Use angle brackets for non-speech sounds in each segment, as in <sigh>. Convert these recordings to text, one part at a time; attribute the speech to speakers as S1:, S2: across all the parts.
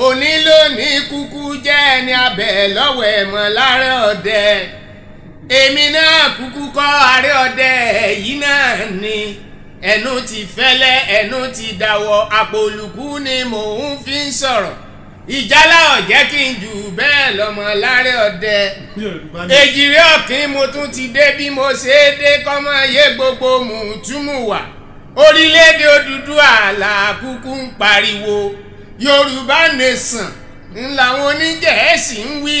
S1: òní ló ní kúkú jẹ́ ẹni abẹ́ lọ́wọ́ ẹ̀mọ́ láàárẹ̀ ọ̀dẹ èmi náà kúkú kọ́ àárẹ̀ ọ̀dẹ èyí náà ni ẹnu ti fẹ́lẹ́ ẹnu ti dàwọ̀ àpòlùkù ni mò ń fi ń sọ̀rọ̀ ìjálá ọ̀jẹ́ kí n jù bẹ́ẹ̀ lọ́mọ lárẹ́ ọdẹ èjìrí ọ̀kín mo tún ti dé bí mo ṣe é dé kọ́mọ yé gbogbo mùtúmùwà orílẹ̀-èdè Odùduwà là kúkú ń pariwo yorùbá nation ńlá wọn onígẹ̀ẹ́sì ń wí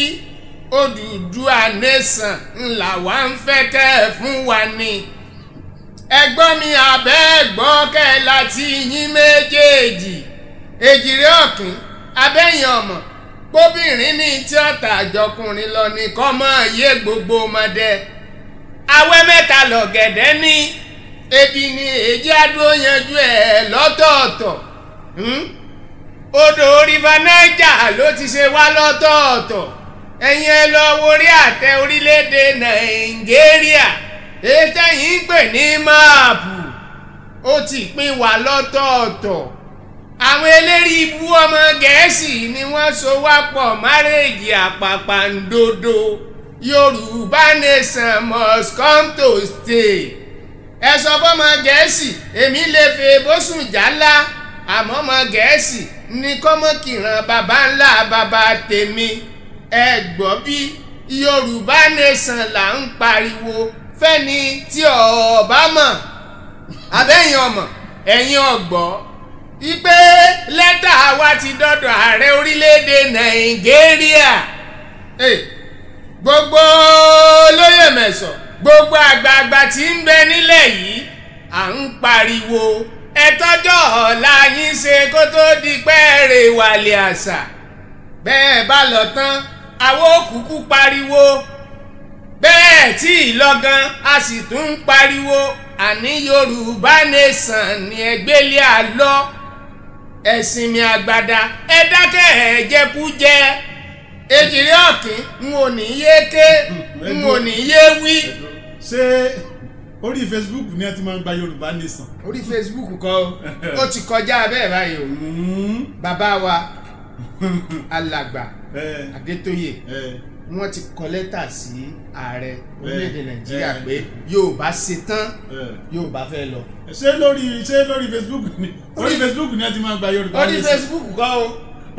S1: odùduwà nation ńlá wa ń fẹ́ kẹ́ ẹ̀ fún wa ni ẹgbọ́n mi àbẹ́ ẹ̀gbọ́n kẹ́ ẹ láti yín méjèèjì èjìrè ọ̀kìn abẹ́yìn ọmọ gbóbìnrin ní tí ọ̀tà àjọkùnrin lọ ní kọ́mọ iye gbogbo ọmọdé awẹ́ mẹ́ta lọ̀gẹ̀dẹ̀ ní ebi ni èjì adó yanjú ẹ̀ lọ́tọ̀ọ̀tọ̀. Hmm? odò river niger ló ti ṣe wá lọ́tọ̀ọ̀tọ̀ ẹ̀yin ẹ lọ worí àtẹ orílẹ̀-èdè nàìjíríà ètò yìí ń pè ní máàpù ó ti pín wá lọ́tọ̀ọ̀tọ̀ àwọn eléri ibú ọmọ gẹ̀ẹ́sì ni wọ́n so wá pọ̀ márèèjì àpàpàǹdodo yorùbá nation must come to stay ẹ sọ fọmọ gẹ̀ẹ́sì èmi lè fẹ́ bó sùn jálá àmọ́ ọmọ gẹ̀ẹ́sì ní kọ́mọ́kìrán bàbá ńlá bàbá tèmi ẹ gbọ́ bí yorùbá nation là ń pariwo fẹ́ni tí ọba mọ̀ abẹ́yìn ọmọ ẹ̀yin ọ̀gbọ́ ipe lẹ́tà wa ti dọ́dọ̀ ààrẹ orílẹ̀-èdè nàìjíríà gbogbo olóyè mẹ́sàn gbogbo àgbààgbà tí ń bẹ nílẹ̀ yìí à ń pariwo ẹ tọ́jọ́ ọ̀la yín ṣe kó tó di pẹ́ẹ́rẹ́ wàlẹ̀ àṣà bẹ́ẹ̀ bá lọ tán àwọn òkùnkùn pariwo bẹ́ẹ̀ tí ìlọ́gan a sì tún ń pariwo àní Yorùbá nation ni ẹgbẹ́lẹ́ àlọ́ ẹ̀sìn mi àgbàdà ẹ dákẹ́ ẹ̀ jẹ́kú jẹ́ èjìrẹ́ ọ̀kín n ò ní yé ké n ò ní yé wí. ṣé orí facebook ni ẹ ti máa ń gba yorùbá nation. orí facebook kọ <laughs> ó ti kọjá bẹ́ẹ̀ báyìí o mm-hmm. bàbá wa <laughs> alàgbà adétóyè wọ́n ti kọ lẹ́tà sí ààrẹ orílẹ̀-èdè nàìjíríà pé yorùbá ṣe tán yorùbá fẹ́ lọ. ṣé lórí ṣé lórí facebook ni orí facebook ni ẹ ti máa ń gba yorùbá nation. orí facebook kọ o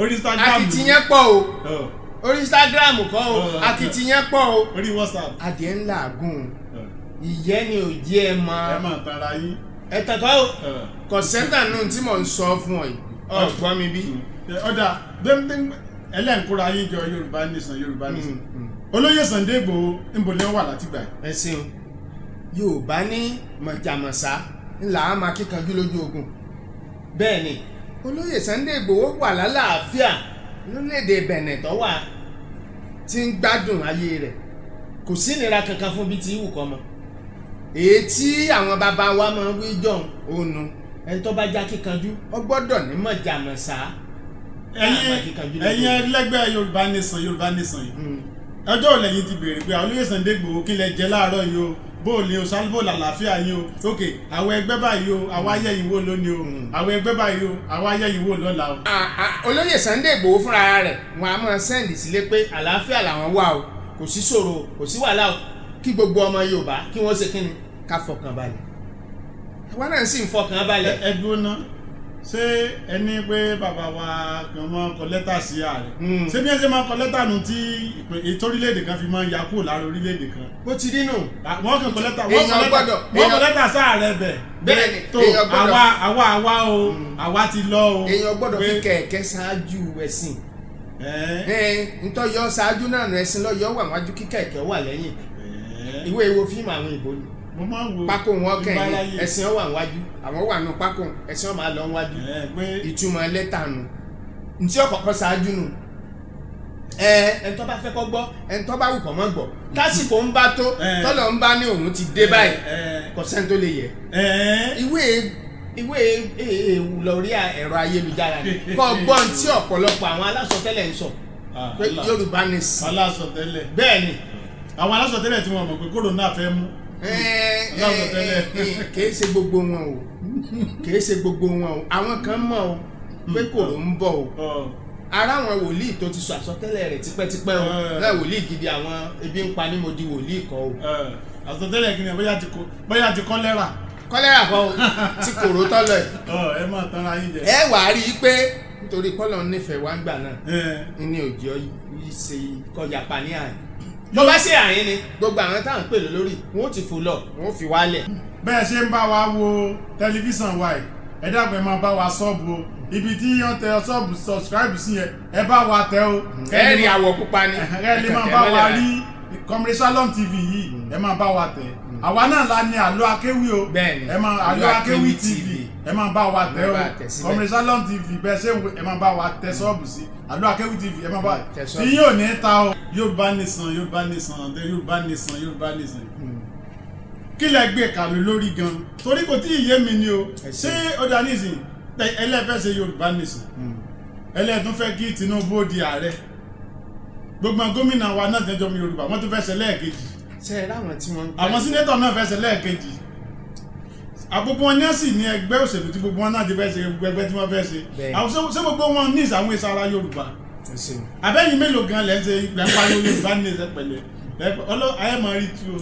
S1: orí instagram àti tiyẹn pọ o oh. orí instagram kọ o àti oh, tiyẹn pọ o orí whatsapp adìẹ ńlá gùn ìyẹ́ ni ò jẹ́ ẹ mọ. ẹ mọ̀ tara yín. ẹ tẹ̀tọ́ o kò sẹ́ńtà náà tí mò ń sọ fún ọ yìí ọ̀gbọ́n mi bí. ọ̀dà ẹlẹ́nkúra yín jọ Yorùbá Nation Yorùbá mm, Nation mm. olóyè Sunday Igboho nbọ̀lẹ́ wà látìgbà yìí. ẹ ṣeun Yorùbá ní mọ̀jàmọ̀sá ńlá á máa kíkanjú lójú ogun bẹ́ẹ̀ ni olóyè Sunday Igboho wà lálàáfíà lórílẹ̀‐èdè Benin tó wà tí ń gbádùn ayé rẹ̀ kò sí ìnira kankan fún bí ti wù kọ́ mọ́ èyí tí àwọn bàbá wa máa ń wí jọ̀hún ònu ẹni tó bá já kíkanjú ó gbọ́dọ̀ nímọ̀ jàmọ̀sá ẹ̀yin ẹlẹ́gbẹ́ Yorùbá Nation Yorùbá Nation yìí hmm. ọjọ́ òlẹ̀ yìí ti béèrè pé Olóyè Sunday Igboho kí lẹ jẹ láàárọ̀ yìí o bóòlì o sálbòòlù àlàáfíà yín o ok àwọn ẹgbẹ́ báyìí o àwọn hmm. ayẹyìn wo lónìí o hmm. àwọn ẹgbẹ́ báyìí o àwọn ayẹyìn wo lọ́la o. Olóyè Sunday Igboho fúnra rẹ̀ wọn a máa sẹ́ǹdì sílé pé àlàáfíà làwọn wà o kò sí ṣòro kò sí wàhálà o kí gbogbo ọmọ Yorùbá kí wọ́n ṣe kí ni ká fọkàn balẹ̀ àwa náà sì ń fọkàn balẹ̀. ẹ dúró ná ṣé ẹni pé bàbá wa kan máa kọ lẹ́tà sí ààrẹ hmm. ṣé bí ẹ ṣe máa kọ lẹ́tà nù tí ètò orílẹ̀-èdè kan fi máa ya kúrò lára orílẹ̀-èdè kan. bó ti dínú. wọ́n kàn kọ lẹ́tà wọ́n kọ lẹ́tà sáàrẹ bẹ̀. bẹ́ẹ̀ni èèyàn gbọ́dọ̀ àwa àwa àwa o hmm. àwa ti lọ o. èèyàn gbọ́dọ̀ fi kẹ̀kẹ́ ṣáájú ẹ̀sìn ntọ́ yọ ṣáájú náà ẹ̀sìn lọ yọ wà wájú kí kẹ̀kẹ́ wà lẹ́yìn ìwé ewo fíìmù àwọn ìbò ni mo máa ń wo pákó wọn kẹyìn ẹsìn wà wájú àwọn wà nù pákó ẹsìn wọn máa wájú ìtumọ̀ lẹ́tà nù ntí ọkọ̀ọ̀kọ̀ ṣáájú nù ẹ ẹntọ́ bá fẹ́ kọ́ gbọ́ ẹntọ́ bá wù mọ́ gbọ́ tásìkò ń bá tó tọ́lọ̀ ń bá ní òun ti dé báyìí kọ̀sẹ́ni tó lè yẹ ìwé ìwé èèwù e, e, ẹ̀rọ ayélujára ni <laughs> kọ́ gbọ́ ntí ọ̀pọ̀lọpọ̀ àwọn alásọtẹ́lẹ̀ ń sọ ah, pé Yorùbá ni sí bẹ́ẹ̀ ni àwọn alásọtẹ́lẹ̀ tí mọ̀ pé kòrónà fẹ́ mú Eh, eh, eh, kìí ṣe gbogbo wọn o kìí ṣe gbogbo wọn o àwọn kan mọ̀ o pé kòrò ń bọ̀ o ara àwọn wòlíì tó ti sọ àsọtẹ́lẹ̀ rẹ̀ tipẹ́tipẹ́ o láì wòlíì gidi àwọn ebi ń pa ni mo di wòlíì kọ o. àsọtẹ́lẹ̀ kìnìún bóyá ti kọ́ lẹ́rà kọ́lẹ́rà kan tí kòró tọ́lọ̀ ẹ̀. ẹ máa tanra yín jẹ. ẹ wàá rí i pé nítorí kọ́lọ̀ nífẹ̀ẹ́ wá ń gbà náà ní òjò yìí ṣe kọjá pa ní àná tó bá ṣe àyín ni gbogbo àwọn tá à ń pè lórí wọn ò ti fò lọ wọn ò fi wálẹ̀. bẹ́ẹ̀ ṣe ń bá wa wo tẹlifíṣàn wa yìí dàgbẹ́ máa bá wa ṣọ́ọ̀bù o ibi tí yàn tẹ ṣọ́ọ̀bù subscribe sí yẹn ẹ bá wa tẹ o. Mm. ẹ rí àwọ̀ pupa ni. ẹ lè máa bá wa rí Comedy Shalom TV yìí ẹ máa bá wa tẹ. Mm. àwa náà la ní àlọ́ akéwì o ẹ máa àlọ́ akéwì TV ẹ máa bá wa tẹ o Comedy Salon TV bẹ́ẹ̀ ṣé ẹ máa bá wa tẹ ṣọ́ọ̀bù sí Àdó Akéwì TV ẹ máa bá wa tẹ ṣọ́ọ̀bù tí yóò ní ta o Yorùbá Nation Yorùbá Nation Yorùbá Nation Yorùbá Nation hmm. kí lẹ gbé kàlù lórí gan torí kò tí ì yé mi ni o ṣé ọ̀dà nísìn ẹlẹ́fẹ́ ṣe Yorùbá Nation hmm. ẹlẹ́dún fẹ́ kí Tinubu ó di ààrẹ gbogbo gómìnà wa náà tẹ́jọ́ mi Yorùbá wọ́n tún fẹ́ ṣe lẹ́ẹ̀kejì àwọn sínétọ̀ náà fẹ́ ṣe àgbogbo wọn ní ẹ̀sìn ní ẹgbẹ́ òṣèlú tí gbogbo wọn náà ti fẹ́ ṣe gbogbo ẹgbẹ́ tí wọ́n fẹ́ ṣe àwọn ṣé gbogbo wọn ní ìsàwọn ìsara Yorùbá abẹ́yìn mélòó gan lẹ́ ń ṣe lẹ́ ń pariwo Yorùbá ní ẹsẹ̀ pẹ̀lẹ́ ọlọ ayé máa rí tí o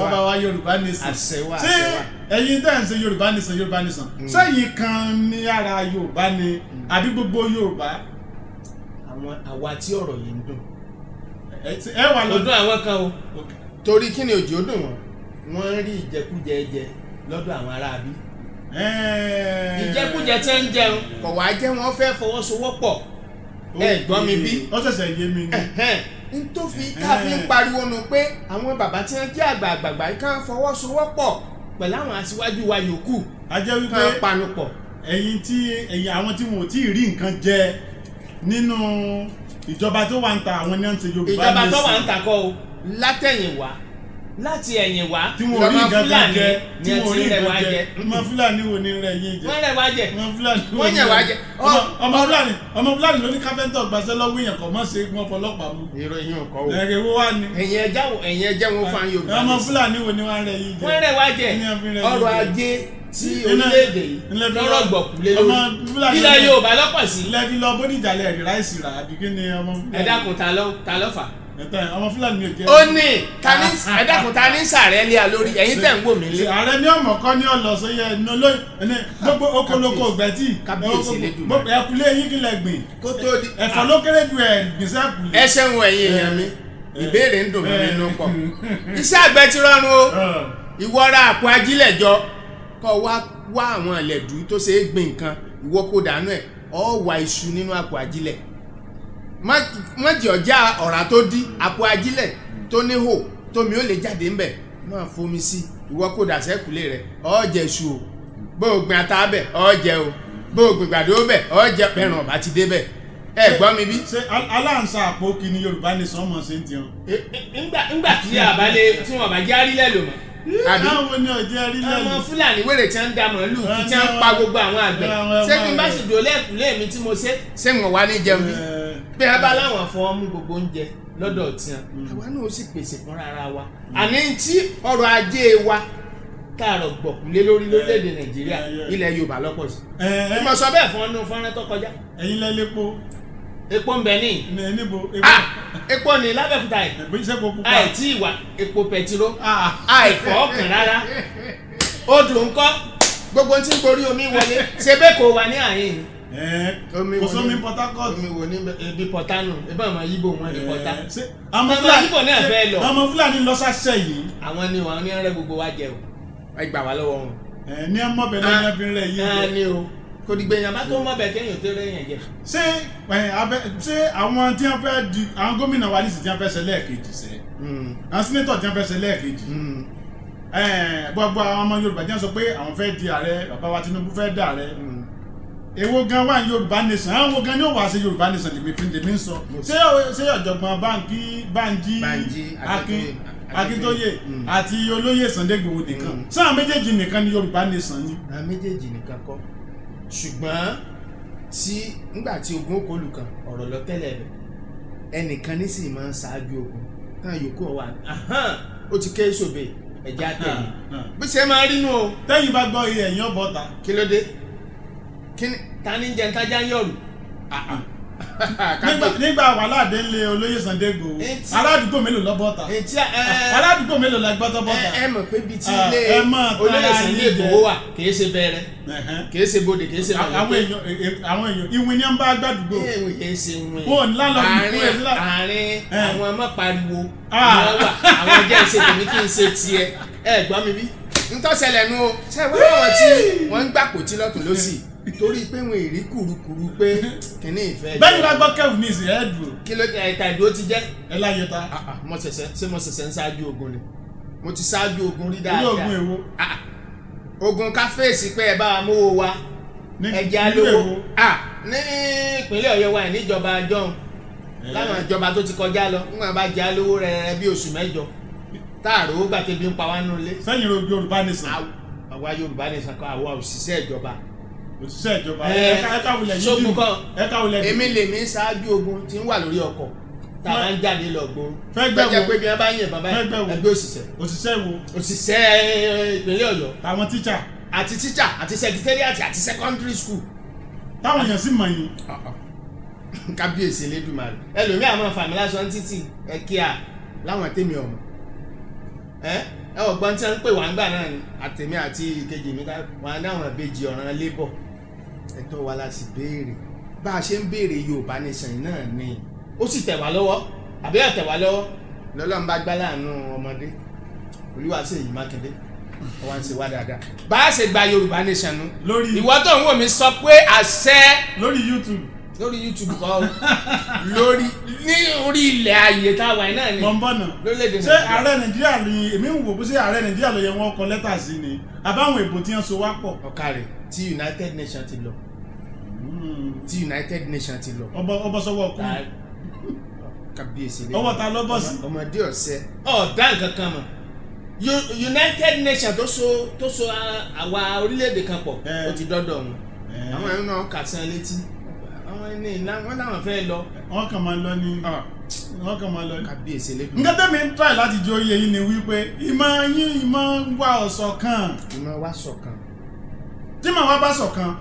S1: bàbá wa Yorùbá nìsan ṣé ẹ̀yin tẹ́ ń ṣe Yorùbá nìsan Yorùbá nìsan sẹ́yìn hmm. kan ní ara Yorùbá ni hmm. àbí gbogbo Yorùbá. àwọn àwa tí ọ̀rọ̀ yìí ń dùn. ẹ wà lọ́dún àwọn kan o. torí kí ni òjò dùn wọ́n wọ́n rí ìjẹkújẹ jẹ lọ́dọ̀ àwọn aráabí. ìjẹkújẹ tẹ́ ń jẹun kò wá jẹ́ wọ́n fẹ́ fọwọ́sowọ́pọ̀ ẹ gbọ́ mi bí. ó ṣẹ̀ṣẹ̀ yé mi ni. n tó fi tá a fi ń pariwo nu pé àwọn bàbá tí wọ́n jẹ́ àgbààgbàgbà kan fọwọ́sowọ́pọ̀ pẹ̀lú àwọn aṣíwájú wa yòókù. a jẹ́ wípé kan panupọ̀. ẹ̀yin tí ẹ̀yin àwọn tí wọn ò tí ì rí nǹkan jẹ nínú ìjọba tó wà ń ta àwọn ní à ń Yorùbá ní ìsìn. ìjọba tó wà ń ta kọ́ o látẹ̀yìnwá láti ẹ̀yìn wá tí wọ́n rí nǹkan kan jẹ tí wọ́n rí nǹkan jẹ ọmọ fúlàní wo ni rẹ̀ yín jẹ wọ́n rẹ̀ wá jẹ ọmọ fúlàní wo ni rẹ̀ jẹ ọmọ fúlàní ọmọ fúlàní ló ní kápẹ́ńtọ̀ gbàṣẹ lọ́wọ́ èèyàn kò mọ̀ ṣe wọn fọlọ́pàá mú. èrò ẹ̀yin ò kọ́ o ẹ̀rẹ̀ wo wá ni. ẹ̀yin ẹja wo ẹ̀yin ẹja wo fa yorùbá ọmọ fúlàní wo ni wọ́n rẹ̀ yín jẹ tí orílẹ̀-èdè yìí lọ́rọ̀ gbọ̀kú lé lórí ilẹ̀ yorùbá lọ́pọ̀ sí. lẹ́bi lọ bódìjà lẹ́ẹ̀rí ráìsì rà àbí kí ni ọmọ ẹ dákun ta ló fà ọmọ fúlàní mi ò jẹ́. ó ní tani ẹ̀dá kan tani sàrẹ́ lé a lórí ẹ̀yin tẹ̀ ń wò mí lé. ààrẹ ní ọmọ kan ní ọlọ sí yẹ ẹnu ló ẹni gbogbo okoloko gbẹtì ẹkùlé yín kí lẹ gbìn ẹ̀fọ́ ah. ló kéré ju ẹ gbèsè ẹkùlé. ẹ ṣeun ẹ̀yin èèyàn mi ìbéèrè ń dùn mí nínú pọ̀ <laughs> iṣẹ́ àgbẹ̀ ti rọrùn o ìwọ ra àpò ajílẹ̀ jọ kọ́ wá wá àwọn ẹlẹ́dùú tó ṣe é gbìn nǹkan ìwọ kó dànù mọ̀jì ọjà ọ̀rá tó dí àpò ajílẹ̀ tó níhò tómi ó lè jáde ńbẹ̀ máa fomi sí ìwọ kò dà sẹ́kùlé rẹ̀ ọ̀ọ́jẹ̀ ṣu o bó o gbin ata bẹ̀ ọ̀ọ́jẹ̀ o bó o gbin gbàdó bẹ̀ ọ̀ọ́jẹ̀ pẹ̀rùn ọ̀bá ti dé bẹ̀ ẹ gbọ́ mi bí. ṣe aláǹsà àpò kìíní Yorùbá lè sọ́mọ ṣe ń tiẹ̀. ńgbà tí àbálẹ̀ tí wọ́n bá járí lẹ̀ lò mọ́ àbí àwọn fúlàní wèrè tí ń da màálù tí ń pa gbogbo àwọn àgbẹ̀ ṣé kí n bá sì dòlẹ́kùn lé mi tí mo ṣe. ṣé wọn wá ní jẹun bí bí a bá láwọn fún ọmú gbogbo oúnjẹ lọ́dọ̀ tiwọn àwa náà ó sì pèsè fúnra ara wa àní tí ọrọ̀ ajé wa káàrọ̀ gbọ̀kúlé lórí lórílẹ̀‐èdè nàìjíríà ilẹ̀ yorùbá lọ́pọ̀ sí. ẹ mọ sọ bẹ́ẹ̀ fún ọnù fọ́nrán tó kọjá. ẹ̀yin lẹ lépo. epo ń bẹ ní. níbo epo. ah epo ní lábẹ́kúta yìí. ìgbésẹ̀ kò pupa. àì tí ìwà epo pẹtiró. Ah. àì fọ́ ọkàn rárá. odò ńkọ́ gbogbo tí ń gorí omi wọlé ṣe bẹ́ẹ̀ kò wà ní àyè ni kò sómi Port Harcourt. omi wo ni ebi pọta nù ebi àwọn yíbo wọn ni pọta. àwọn fúlàní bọ̀ náà fẹ́ lọ. àwọn fúlàní lọ sàṣẹ yìí. àwọn ni wọn ní ẹrẹ gbogbo wa jẹ o ẹ gbà wá lọ́wọ́ wọn. ẹ ní ọmọbẹ náà ní abirẹ yìí. náà ni o kò dìgbẹ́ yẹn bá tó mọ̀bẹ kéèyàn tó rẹ̀ yẹn jẹ. ṣé ṣé àwọn tí wọ́n fẹ́ di àwọn gómìnà wa ní sì tí wọ́n fẹ́ ṣe lẹ́ẹ̀kejì ṣe hmm. àwọn sínétọ̀ tí wọ́n fẹ́ ṣe lẹ́ẹ̀kejì hmm èwo gan wà ní yorùbá nation àwọn wo gan ni ó wà sí yorùbá nation lèmi fi lèmi ń sọ ṣé ọ̀jọ̀gbọ́n Bánjí Akíntóyè mm. àti olóyè Sunday Igboho nìkan sáà mm. méjèèjì nìkan ni yorùbá nation ni. àwọn méjèèjì nìkan kọ́ ṣùgbọ́n tí nígbà tí ogun ó kọlù kan ọ̀rọ̀ lọ tẹ́lẹ̀ rẹ̀ ẹnìkan nísìnyí máa ń ṣáájú ogun táwọn yòókù ọ̀wà ó ti ké sòbè ẹ̀jẹ̀ àtẹ̀yìn bí ṣe máa rí nù o. tẹ́yìn bá gbọ́ iye ẹ̀yìn ọ̀bọ̀ta. kí ló dé kíni tani jẹ n tajà yọrù. nígbà wàhálà dé lé olóyè Sunday Igboho aládùúgbò mélòó lọ bọ́ta eh, eh. aládùúgbò mélòó la gbọ́tọ̀ bọ́ta. Eh, ẹ mọ̀ pé bíi ti ah, ilé olóyè Sunday Igboho wà kìí ṣe bẹ̀rẹ̀ kìí ṣe bodè kìí ṣe bẹ̀rẹ̀. àwọn èèyàn e- e- àwọn èèyàn ìwìn ni wọn bá gbàdúgbò. ìwìn kìí ṣe ìwìn. wọn ní lálọ́ ìlú ẹ̀ sílá. àárín àwọn ọmọ pariwo ah. àwọn wà àwọn jẹ́ ìṣe tèmi kí n ṣe tiẹ̀ ẹ gbọ́ mi bí. ntọ́sẹ̀lẹ̀ nu o ṣé wọ́n tí wọ́n ń gbàpò tí lọ́tún lọ́sì torí pé wọn èrí kùrukùru pé kìnní ìfẹ́. bẹ́ẹ̀ni bá gbọ́ kẹ́wù ní ìsìn ẹ̀ dùn. kí ló tẹ ẹ̀ta ìdúró ti jẹ́. ẹ láyé ta. Ah, ah, mo ṣẹ̀ṣẹ̀ ṣé mo ṣẹ̀ṣẹ̀ ń ṣáájú ogun ni mo ti ṣáájú ogun rí dáadáa. ogun èwo. Ah, ogun ká fèsì pé ẹ bá wa mówó wa ẹja lówó ní ìpínlẹ̀ ọ̀yọ́ wa níjọba john láwọn ìjọba tó ti kọjá lọ níwọ̀n bá jẹ́ alówó rẹ̀ bí oṣù mẹ́jọ táàrò ó gbàtẹ́bí ń pa wá nulẹ̀. sẹ́yìn Yorùbá nìsan. àwa Yorùbá nìsan kọ́ àwa òṣìṣẹ́ ìjọba òṣìṣẹ́ ìjọba eh, ẹ̀ka wulẹ̀ yídìí ẹ̀ka wulẹ̀ yídìí. èmi lèmi ṣáájú ogun tí ń wà lórí ọkọ̀ tá a máa ń jáde lọ gbó fẹgbẹ wo pé bí wọn bá yìn bàbá yìí ẹgbẹ́ òṣìṣẹ́ òṣìṣẹ́ wo òṣìṣẹ́ eh, ìpínlẹ̀ Ọ̀yọ́ táwọn tíṣà àti tíṣà àti sẹkítẹrìàtì àti sẹkọndírì skul. táwọn èèyàn sì mọ yín. <laughs> kábíyèsí elédùnmarè ẹlòmíì àwọn àǹfààní lásán títì ẹkíà láwọn tèmi ọmọ ẹ ọgbọ́n tí wọ́n ń pè wá ń gbà náà àtẹ̀mí àti ìkejì mi wọ́n á dáhùn àbejì ọ̀ràn labour ẹ̀tọ́ wa la sì béèrè bá a ṣe ń béèrè Yorùbá nation náà ni ó sì tẹ̀ wá lọ́wọ́ àbí ọ̀tẹ̀ wá lọ́wọ́ lọ́lọ́run bá gbá láàánú ọmọdé Olúwaṣèyí Mákindé wọ́n ń ṣe wá dáadáa bá a ṣe gba Yorùbá nation nu ìwọ tó ń wò mí sọ pé àṣẹ lórí YouTube lórí youtube kan lórí ní orí ilẹ̀ ayé táwa iná ni lórílẹ̀‐èdè nàìjíríà. ṣé ààrẹ nàìjíríà ni èmi ń wò bó ṣe ààrẹ nàìjíríà ló yẹ wọn kọ lẹ́tà sí ni àbáwọn èbò tí wọ́n so wá pọ̀. ọ̀kàrẹ̀ tí united nations ti lọ hmm. tí united nations ti lọ. ọbọ ọbọ sọwọ kún kàbíyèsí lẹ́yìn ọwọ́ ta lọ bọ sí. ọmọdé ọ̀sẹ̀ ọ̀dá nǹkan kan mọ̀ united nations tó so tó so àwa orílẹ̀-èdè kan pọ̀ eh. ó ti dọ́dọ̀ wọn eh. àwọn ẹ̀rọ náà kà sán létí àwọn ẹni ìlà wọn làwọn fẹ́ lọ. wọn kàn máa lọ ní ah. wọn kàn máa lọ ní. kàbíyèsí lẹbi. nǹkan tẹ́mi ń try láti jó iye yìí ni wípé ìmọ̀ yín ìmọ̀ wá ọ̀sọ̀ kan. ìmọ̀ wá sọ̀kan tí màwọn bá ṣọ̀kan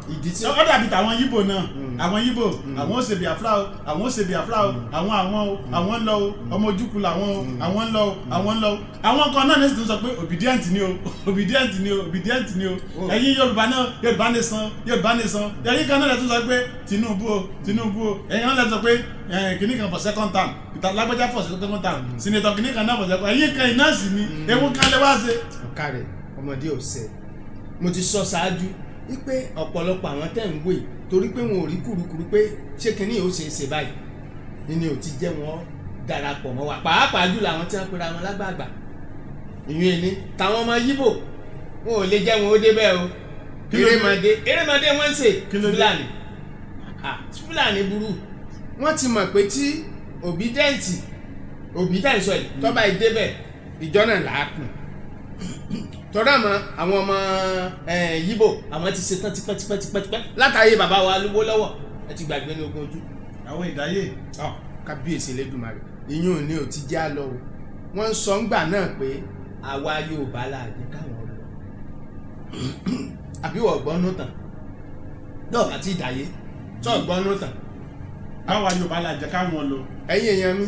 S1: ó dàbí tàwọn yíbò náà mm. àwọn yíbò mm. àwọn ó ṣe biafra o àwọn ó ṣe biafra o mm. àwọn àwọn o àwọn ń lọ o ọmọ ojúkú làwọn o àwọn ń lọ o àwọn ń lọ o àwọn kan náà ní sọ pé <laughs> obedient ni o obedient ni o obedient oh. ni o ẹ̀yin yorùbá náà yorùbá nation yorùbá nation ẹ̀yin kan náà lè tún sọ pé tinubu o tinubu o ẹ̀yin kan náà lè sọ pé eh, kìnnì kan for second term lágbájá for second term sinetọ kìnnì kan náà for second term ẹ̀yin kan iná sì ni ewu kan lè wá ṣe. ọ̀kàrẹ̀ ọmọdé ò sẹ́ mo ti sọ ṣáájú wípé ọ̀pọ̀lọpọ̀ àwọn tẹ̀ ń wè torí pé wọn ò rí kùrukùru pé ṣé kinní yóò ṣe é ṣe báyìí ni ò ti jẹ́ wọn darapọ̀ mọ́ wa pàápàá jùlọ àwọn tí wọ́n pera wọn lágbààgbà ìyún ẹni táwọn ọmọ yíbò wọn ò lè jẹ́ wọn ó débẹ̀ o erémọdé erémọdé wọ́n ń ṣe fúlàní fúlàní burú wọ́n ti mọ̀ pé tí òbí dẹ́ǹtì òbí dẹ́ǹtì sọ̀rọ̀ tọ́ba ìdébẹ̀ ìjọ náà làákùn tọ́dọ̀ àmọ́ àwọn ọmọ yíbò àwọn ti ṣetán tipẹ́tipẹ́tipẹ́ látàyè bàbá wa lówó lọ́wọ́ ẹ ti gbàgbé ní ogun ojú. àwọn ìdáyé. ọ kábíyèsí lẹ́dùnmarè ìyún òní ò ti já lọ o wọ́n ń sọ ńgbà náà pé àwa yóò bá láàyè káwọn lọ. <clears throat> àbí wọ́n gbọ́ nù tán dọ́ọ̀ àti ìdáyé tọ́ gbọ́ nù tán. àwa yóò bá láàyè káwọn lọ. ẹ̀yin èèyàn mi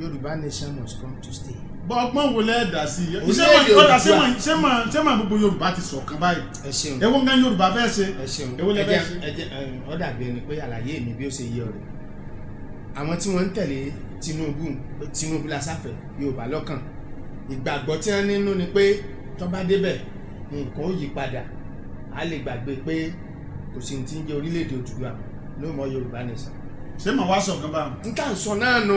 S1: Yorùbá nation must come to stay ọgbọ́n wo lẹ́ dà sí i ṣé mà ọ̀dà ṣé mà ṣé mà ṣé mà gbogbo yorùbá ti ṣọ̀kan báyìí ewu nǹkan yorùbá fẹ́ ṣe ewu lẹ́ fẹ́ ṣe. ọ̀dà bí ẹni pé àlàyé mi bí ó ṣe yé ọ̀rẹ́ àwọn tí wọ́n ń tẹ̀lé Tinubu Tinubu lasáfẹ́ yorùbá lọ́kàn ìgbàgbọ́ tí wọ́n nínú ni pé tó bá débẹ̀ nǹkan ó yí padà á lè gbàgbé pé kò sí ní ti ń jẹ́ orílẹ̀-èdè Odùduwà ló mọ yorùbá nìsan ṣé ma wá sọ kan bá wọn. n tà ń sọ náà nù.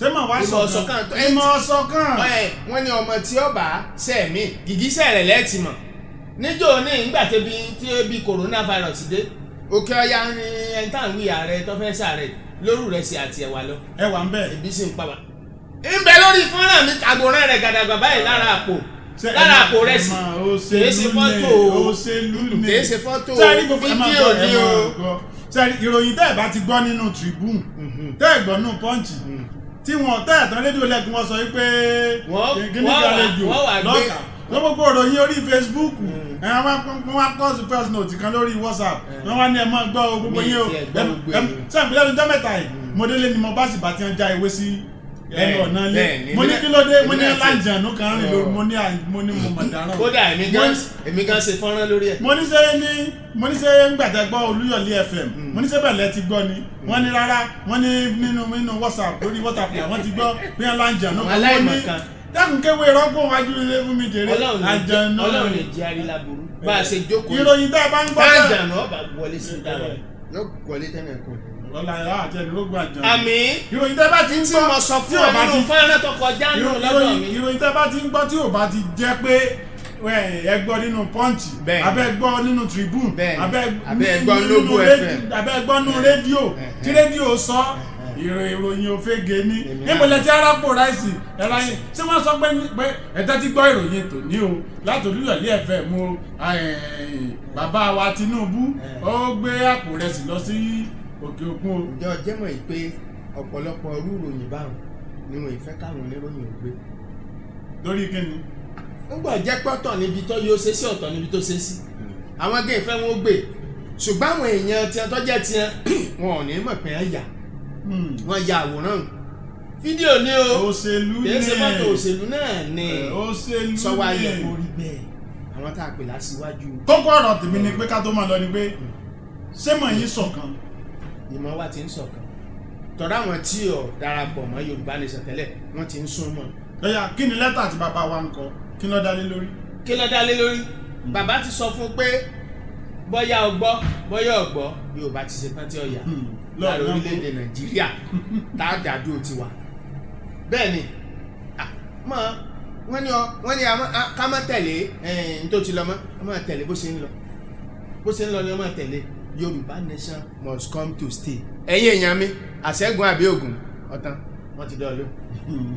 S1: ṣé màá wá sọ kan ìmọ̀ ọ̀sọ̀ kan. ẹ wọ́n ní ọmọ tí ọba sẹ́ẹ̀mí gìgísẹ̀ rẹ̀ lẹ́ẹ̀tì mọ̀ níjó ní ìgbàtẹ́bi tí ebi coronavirus dé òkè ọ̀yà ni ẹni tá à ń wí ààrẹ tó fẹ́ sàárẹ̀ lóru rẹ̀ sí àti ẹ̀wà lọ. ẹ wà ń bẹ. ebi sì ń pa wá. ń bẹ lórí fọ́nrán mi àgbòrán rẹ̀ gàdàgbà báyìí lára àpò lára àpò rẹ̀ sí kèé ṣe fọ́tò kèé ṣe fọ́tò fídíò ni o sẹ́ni ìròyìn tẹ́ ẹ̀ bá ti gbọ́ nínú Tribune mhm. tẹ́ ẹ̀ gbọ́ nínú Punch mhm. tí wọ́n tẹ́ ẹ̀ tán rédíò lẹ́kùn wọn sọ wípé gíní gàlejò lọ́kà gbogbo ìròyìn orí Facebook mhm. ẹ̀rọ wọn wá pọ́s first note kan lórí WhatsApp eh. wọn wá ní ẹ̀ máa gbọ́ gbogbo yín o sẹ́ni pílẹ̀ lójọ́ mẹ́ta yìí mm. mo délé ni mo bá sì bá ti ń já ewé sí
S2: lẹ́nu ọ̀nà lé mo ní kí ló dé mo ní
S1: alájànú kan rìn lórí mo ní mo ní mo mọ̀dáràn. kódà èmi gan èmi gan ṣe fọ́nrán lórí ẹ̀. mo ní ṣe ní mo ní ṣe ńgbàdá gbọ́ olúyọ̀lé fm hmm. mo ní ṣe bẹ̀lẹ̀ ti gbọ́ ni hmm. wọ́n ní rárá wọ́n ní nínú nínú whatsapp lórí whatsapp làwọn ti gbọ́ bí alájànú kan mo ní dákun kéwé rọ́gbọ̀n wájú ilé fún mi jèrè àjànú. ọlọ́run lè jẹ́ àrílà burú bá a ṣe jókòó. ìròyìn tá a bá ń gbọ́ lọ́la ẹ̀ àti ẹ̀dínlógún àjọ. àmì ìròyìn tẹ́ bá ti ń gbọ́ tí mo sọ fún ọ nínú fẹ́rẹ́ tó kọjá nù lọ́dọ̀ mi. ìròyìn tẹ́ bá ti ń gbọ́ tí ò bá ti jẹ́ pé ẹ gbọ́ nínú Punch abẹ́ gbọ́ nínú Tribune abẹ́ gbọ́ lógo FM abẹ́ gbọ́ nínú rédíò tí rédíò sọ ìròyìn òfegè ni nímọ̀lẹ́ tí arápò ráìsì ẹ̀rọ ayé tí wọ́n sọ pé pé ẹ̀tẹ́ ti gbọ́ ìròyìn tòní o láti olúyọ̀lé ẹ̀fẹ̀ mu bàbá wa Tinubu ó gbé àpò rẹ̀ sí lọ sí òkè òkun o. ǹjẹ́ ọjẹ́ mọ̀ yìí pé ọ̀pọ̀lọpọ̀ irú ìròyìn báwọn ni wọ́n ìfẹ́ káwọn oníròyìn ò gbé. lórí kíni. ńgbà jẹ́ pọ́tọ̀ níbi tó yóò ṣe sí ọ̀tọ̀ níbi tó ṣe sí hmm. àwọn gé ìfẹ́ wọn ó gbé ṣùgbọ́n àwọn èèyàn tiẹ̀ tó jẹ́ tiẹ̀ <clears throat> wọn ò ní mọ̀ pé wọ́n yà hmm. wọ́n ya àwòrán fídíò ni o òṣèlú ni kì í ṣe mọ́tò òṣèlú náà ni eh, sọ́wọ́ ayẹ̀kọ́ rí bẹ́ẹ̀ àwọn tá a pè láṣíwájú. kókó ọ̀rọ̀ tèmi ni pé ká tó máa lọ ni pé hmm. ṣé mọ̀ yín ṣọ̀kan ìmọ̀ wa ti ń ṣọ̀kan tọ́lá àwọn tí ò darapọ̀ mọ́ Yorùbá Nation tẹ́lẹ̀ wọ́n ti ń sún mọ́. ẹyà kí ni lẹ́tà tí bàbá wa ń kọ kí ló dá lé lórí. kí ló dá lé lórí hmm. bàbá ti sọ fún pé bóyá ọgbọ́ bóyá ọgbọ́ Yorùbá ti ṣe pẹ́ntì ọ̀yà láàrin orílẹ̀-èdè Nàìjíríà <laughs> tá a dàdúró ti wà. bẹ́ẹ̀ ni mọ wọ́n ní ọ wọ́n ní ká má tẹ̀lé ẹ̀ẹ́n tó ti lọ mọ́ ọ má tẹ̀lé bó ṣe ń lọ bó ṣe ń lọ ni ọ má tẹ̀lé yorùbá nation must come to stay. ẹ̀yin èèyàn mi àṣẹ́gun àbí ògùn ọ̀tán wọ́n ti dọ̀ọ́lù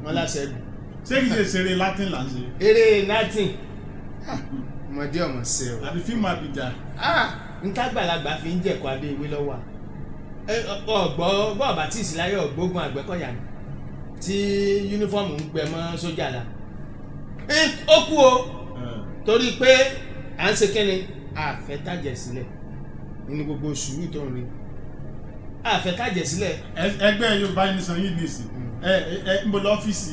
S1: wọ́n láṣẹ́gun. ṣé kìí ṣe ṣeré latin là ń ṣe. eré latin ọmọdé ọmọ ṣe o. àbí fíìmù àbíjà. ntàgbàlagbà fi ń jẹ̀kọ́ adé ìwé lọ́wọ́ ọgbọ́ bọ́ọ̀bà tí ìsìláyọ̀ gbógun àgbẹ̀kọ̀yà ni tí yunifọ́ọ̀mù ń gbẹ mọ́ sójà la. ó kú o torí pé à ń ṣe kínni àfẹ́tàjẹ̀ sílẹ̀ nínú gbogbo sùúrù tó ń rí. àfẹ kájẹ sílẹ̀. ẹgbẹ́ yorùbá ẹni sàn yìí nìsí mm. ẹ ẹ ń bọ̀ lọ́fíìsì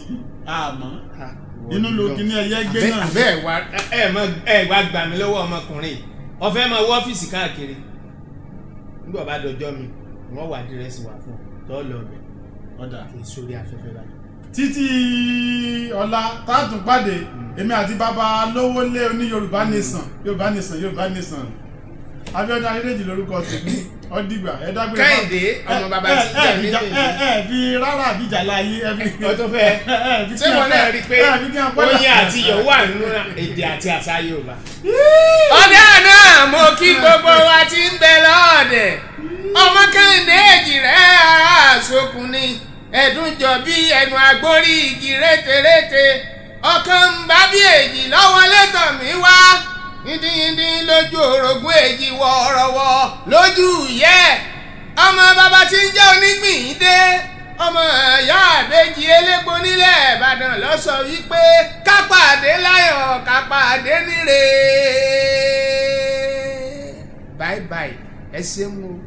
S1: àmọ́ ah, inú ló kí ní ẹyẹ gbé náà. àbẹ ẹ wá ẹ wá gbà mí lọ́wọ́ ọmọkùnrin ọfẹ máa wọ ọ́fíìsì káàkiri nígbà bá dọjọ́ mi wọ́n wà dírẹ́sì wà fún tọ́ lọ bẹ̀ ọ̀dà sórí afẹ́fẹ́ báyìí. títí ọ̀la tààtùn pàdé mm. èmi àti bàbá lówó lé oní yorùbá nation yorùbá nation yorùbá nation. Abíọ́dún Adédèjì lórúkọ tèmi ọdìgbà ẹ dágbére bá Kẹ́hìndé ọmọ bàbá ti jẹ mí nìyí. ẹ ẹ fi rárá àbíjà láàyè ẹ fi. ọtún fẹ <laughs> ṣé wọn náà rí i pé oyin àti iyọ̀ wà nínú èdè àti àṣà Yorùbá. ọdẹ náà mo kí gbogbo wa ti ń bẹ lọ́ọ̀dẹ̀ ọmọ Kẹ́hìndé èjì rẹ̀ àṣokùn ni ẹ̀dùn jọ bí ẹnu agbórí igi rétérété ọkàn ń bá bí èjì lọ́wọ́ létọ̀ mi wá yíndínyíndín lójú orogún èjì wọ̀ọ̀rọ̀wọ̀ lójú ìyẹ́ ọmọ bàbá tí ń jẹ́ onígbìn ọmọ ìyá àbẹ́jì elépo nílẹ̀ ìbàdàn ló wípé kápàdé láyọ̀ kápàdé níre bye bye ẹ ṣeun o.